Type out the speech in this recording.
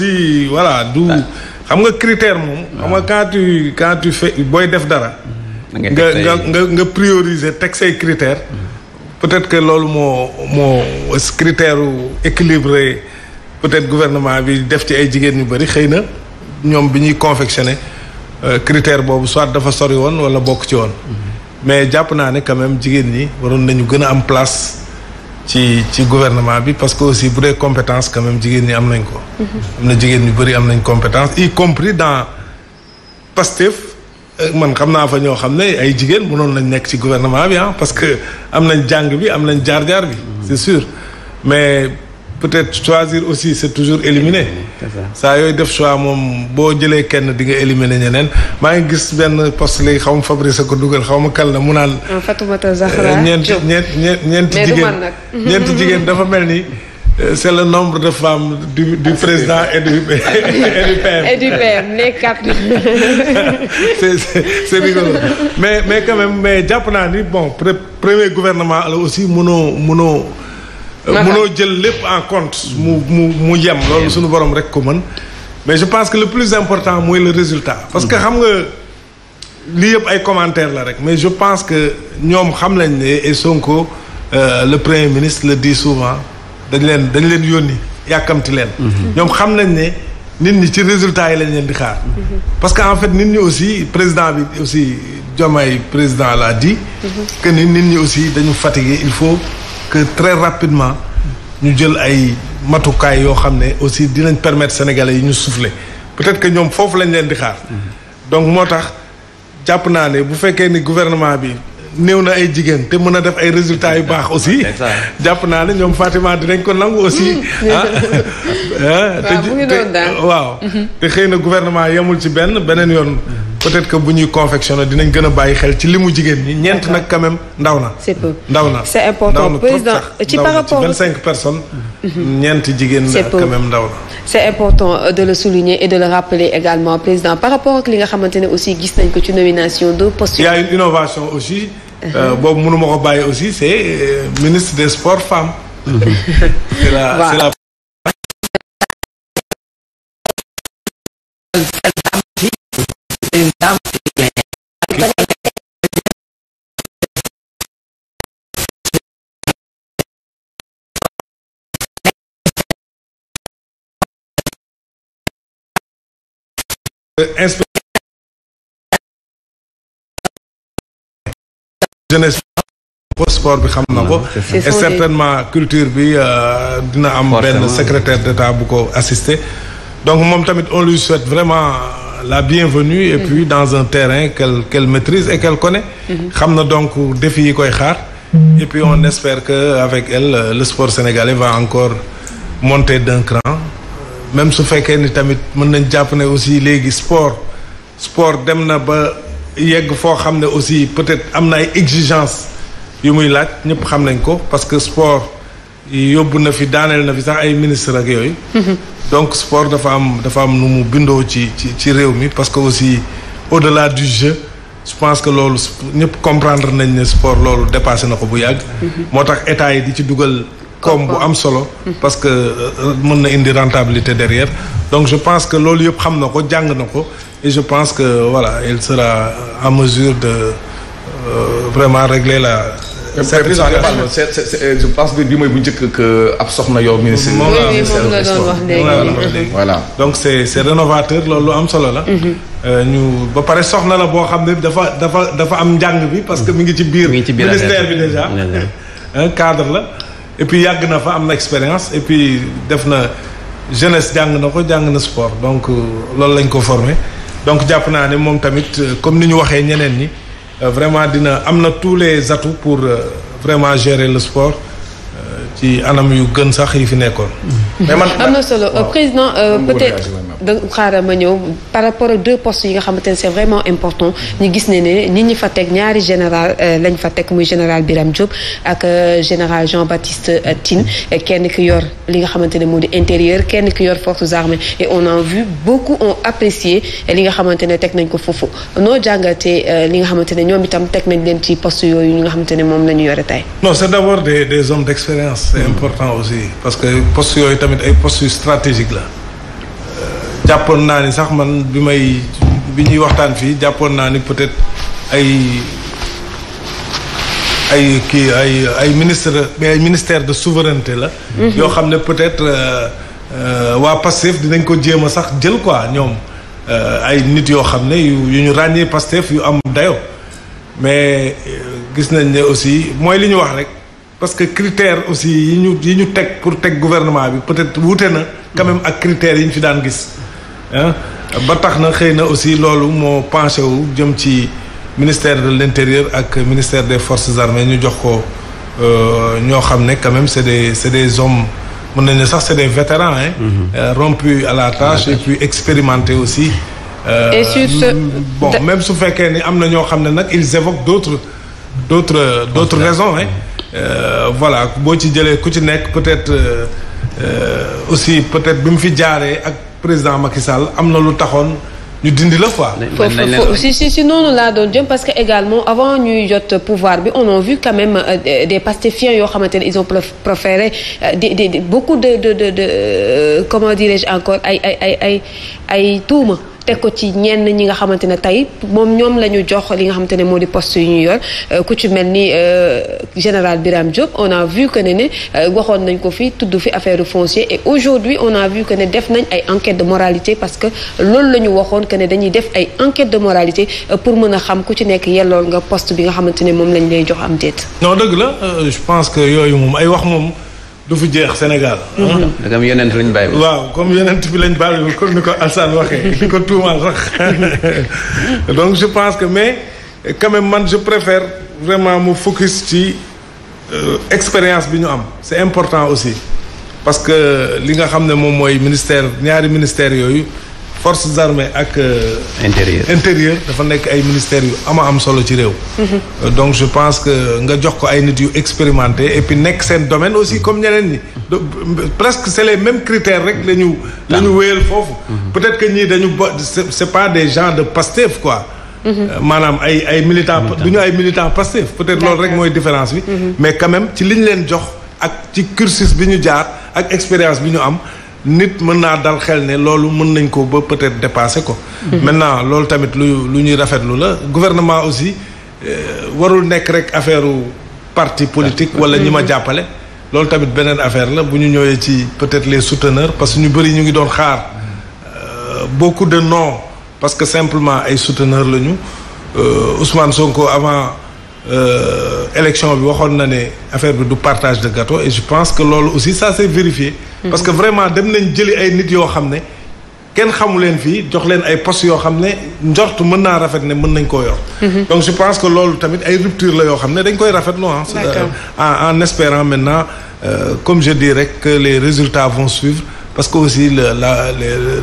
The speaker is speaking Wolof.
aussi voilà du. Ah. xam nga critère moom. Ah. xam nga quand tu quand tu booy def dara. nga nga nga nga prioriser teg say critères. Hmm. peut-être que loolu moo moo critère équilibré peut-être gouvernement bi def ci ay jigéen ñu bëri xëy na ñoom bi ñuy confectionner euh, critère boobu soit dafa sori woon walla bokk ci woon. Hmm. mais jàpp naa ne quand même jigéen ñi waroon nañu gën a am place. ci ci gouvernement bi parce que aussi bu dee compétence quand même jigéen ñi am nañ ko. Mhm. am na jigéen ñu bëri am nañ compétence y compris dans Pastef euh, man xam naa fa ñoo xam ne ay jigéen mënoon nañ nekk ci gouvernement bi ah parce que am nañ jàng bi am nañ jaar-jaar bi. Mhm. c'est sûr mais. peut-être choisir aussi c'est toujours éliminer saa yooy def choix moom boo jëlee kenn di nga éliminer ñeneen maa ngi gis benn post léegi xaw ma Fabrice ko dugal xaw ma kal la mu naan Fatoumata Zahra euh, ñeent ñeent ñeenti jigéen ñeenti jigéen dafa mel ni euh, c'est le nombre de femmes du du président et du et du PM. et du PM nekk quatre. c'est c'est rigolo mais mais quand même mais jàpp naa ni bon premier gouvernement la aussi mënoo mënoo. Euh, mënoo jël lépp en compte mu mu mu yem loolu suñu borom rek ko mën mais je pense que le plus important mooy le résultat parce que mhm. xam nga lii yëpp ay commentaires la rek mais je pense que ñoom xam nañ ne et Sonko euh, le premier ministre le dit souvent dañ leen dañ leen yónni yàkkamti leen mhm. ñoom xam nañ ne nit ñi ci résultat yi lañ leen di xaar mhm. parce que en fait nit ñi aussi président bi aussi yi président l'a di que nit ñi aussi dañu fatigué il faut que très rapidement ñu jël ay matukaay yoo xam ne aussi dinañ permettre sénégalais yi ñu souffler peut-être que ñoom foofu lañ leen di xaar. donc moo tax jàpp naa ne bu fekkee ni gouvernement bi. néew na ay jigéen te mën a def ay résultats yu baax aussi jàpp naa ne ñoom Fatima dinañ ko nangu aussi hmm, ah. ah te ah, waaw hmm. te xëy na gouvernement yamul ci benn beneen yoon peut-être que bu ñuy confectionné dinañ gën a bàyyi xel ci li mu jigéen ñi ñeent nag quand même ndaw na. c'est peu ndaw na c'est important président ci par rapport ndaw ci vingt cinq personnes. Mhm. ñeent jigéen na quand même ndaw na. c'est important euh, de le souligner et de le rappeler également président par rapport ak li nga xamante ne aussi gis nañ ko ci nomination de poste. il y une innovation aussi. Uh-huh. Euh, boobu mënu ma ko bàyyi aussi c'est euh, ministre des sports femmes. inspecteur sport bi xam na ko et certainement culture bi dina am benn secrétaire d'état bu ko assister donc moom tamit on lui souhaite vraiment la bienvenue et puis dans un terrain qu'elle qu'elle maîtrise et qu'elle connaît xam na donc défi yi koy xaar et puis on espère que avec elle le sport sénégalais va encore monter d'un cran même su fekkee ni tamit mën nañ jàpp ne aussi léegi sport sport dem na ba yegg foo xam ne aussi peut-être am na ay exigences yu muy laaj ñëpp xam nañ ko parce que sport yóbbu na fi daaneel na fi sax ay ministre ak yooyu. Mm-hmm. donc sport dafa am dafa am nu mu bindoo ci ci ci réew mi parce que aussi au-delà du jeu. je pense que loolu ñëpp comprendre nañ ne sport loolu dépassé na ko bu yàgg. Mm-hmm. moo tax état yi di ci dugal. koom bu am solo. parce que euh, mën na indi rentabilité derrière donc je pense que loolu yëpp xam na ko jàng na ko et je pense que voilà il sera en mesure de euh, vraiment régler la. service euh, je pense que bi mooy bu njëkk que ab yow ministre moom la doon wax donc c' est c' est rénovateur loolu am solo la mhm. euh, ñu ba pare soxna la boo xam ne dafa dafa dafa am njàng bi parce que mu ngi ci biir ministère ngi ci un cadre la et puis yàgg na fa am na expérience et puis def na jeunesse jàng na ko jàng na sport donc euh, loolu lañ ko formé donc jàpp naa ne moom tamit euh, comme ni ñu waxee ñeneen ñi euh, vraiment dina am na tous les atouts pour vraiment gérer le sport ci anam yu gën sax yi fi nekkoon. Mm-hmm. mais am na solo da xaaral ma ñëw par rapport ak deux postes yi nga xamante ne c'est vraiment important ñu gis ne ne nit ñi fa teg ñaari général euh, lañ fa teg muy général Birame Diop ak euh, général Jean-Baptiste euh, Tine kenn ki yor li nga xamante ne moo di intérieur kenn ki yor forces armées et on a vu beaucoup ont apprécié li nga xamante ne teg nañ ko foofu noo jàngatee li nga xamante ne ñoom itam teg nañ leen ci post yooyu ñi nga xamante ne moom la ñu yore tey. non c'est d'abord des mm. parce que postes yooyu tamit ay postes stratégiques la. jàppoon naa ni sax man bi may bi ñuy waxtaan fii jàppoon naa ni peut-être ay ay kii ay ay ministre mais ministère de souveraineté la. Mhm. yoo xam ne peut-être euh, euh, waa Pastef dinañ ko jéem a sax jël quoi ñoom euh, ay nit yoo xam ne yu ñu ràññee Pastef yu am dayo mais gis nañ ne aussi mooy li ñu wax rek parce que critères aussi yi ñu yi ñu teg pour teg gouvernement bi peut-être wuute na quand même ak critères yi ñu fi daan gis. ba tax na xëy na aussi loolu moo penché wu jëm ci ministère de l'intérieur ak ministère des forces armées ñu jox ko euh, ñoo xam ne quand même c'est des c'est des hommes mën nañ ne sax c'est des vétérans hein mhm. euh, rompus à la tâche et puis expérimentés aussi euh, et sur même su fekkee ni am na ñoo xam ne nag ils évoquent d'autres d'autres d'autres raisons hein mhm. voilà boo ci jëlee ku ci nekk peut-être Euh, aussi peut-être bi mu fi jaaree ak président Macky Sall am na lu taxoon ñu dindi la quoi. foofu si si si noonu laa doon jëm parce que également avant ñu jot pouvoir bi on a vu quand même euh, des pastefiens yoo xamante ne ils ont préféré euh, di di beaucoup de de de de comment dirais-je encore ay ay ay ay ay tuuma. teg ko ci ñenn ñi nga xamante ne tey moom ñoom lañu ñu jox li nga xamante ne moo di post yu ñu yor euh, ku ci mel ni euh, général Birame Diop on a vu que ne ne euh, waxoon nañ ko fi tudd fi affaire foncé et aujourd'hui on a vu que ne def nañ ay enquête de moralité parce que loolu la ñu waxoon que ne dañuy def ay enquête de moralité pour mën a xam ku ci nekk yellool nga post bi nga xamante ne moom lañ lay jox am déet. non dëgg la je pense que yooyu moom ay wax moom. du fi jeex Sénégal. comme yonent lañ bàyyi. waaw comme yonent bi lañ bàyyi comme ni ko Alsaan waxee li ko tuumaal sax donc je pense que mais quand man je préfère vraiment mu fukki ci euh, expérience bi ñu am c'est important aussi parce que li nga xam ne moom mooy ministère ñaari ministère yooyu. forces armées ak. Euh, intérieur intérieur dafa nekk ay ministères yu a am solo ci réew. Mhm. donc je pense que nga jox ko ay nit yu expérimenté et puis nekk seen domaine aussi comme ñeneen ñi. presque c' est les mêmes critères rek la ñu. la ah. foofu. Mhm. peut-être que ñii dañu bo c' est pas des gens de Pastef quoi. Mhm. Euh, maanaam ay ay militants du ay militants Pastef peut-être loolu rek mooy différence bi. mais quand ci li leen jox ak ci cursus bi ñu jaar ak expérience bi ñu am. nit mën naa dal xel ne loolu mën nañ ko ba peut-être dépasser ko. Mhm. maintenant loolu tamit lu lu ñuy rafetlu la gouvernement aussi euh, warul nekk rek affaire parti politique wala ñi ma mhm. jàppale. loolu tamit beneen affaire la bu ñu ñëwee ci peut-être les souteneurs parce que ñu bëri ñu ngi doon xaar euh, beaucoup de noms parce que simplement ay souteneurs lañu euh, Ousmane Sonko avant. Euh, élection bi waxoon na ne affaire bi du partage de gâteau et je pense que loolu aussi ça s'est vérifié. Mhm. parce que vraiment dem nañ jëli ay nit yoo xam ne kenn xamu leen fii jox leen ay post yoo xam ne njort mën naa rafet ne mën nañ koo yor. Mhm. donc je pense que loolu tamit ay rupture la yoo xam ne dañ koy rafetlu ah. en espérant maintenant euh, comme je dis rek que les résultats vont suivre parce que aussi la la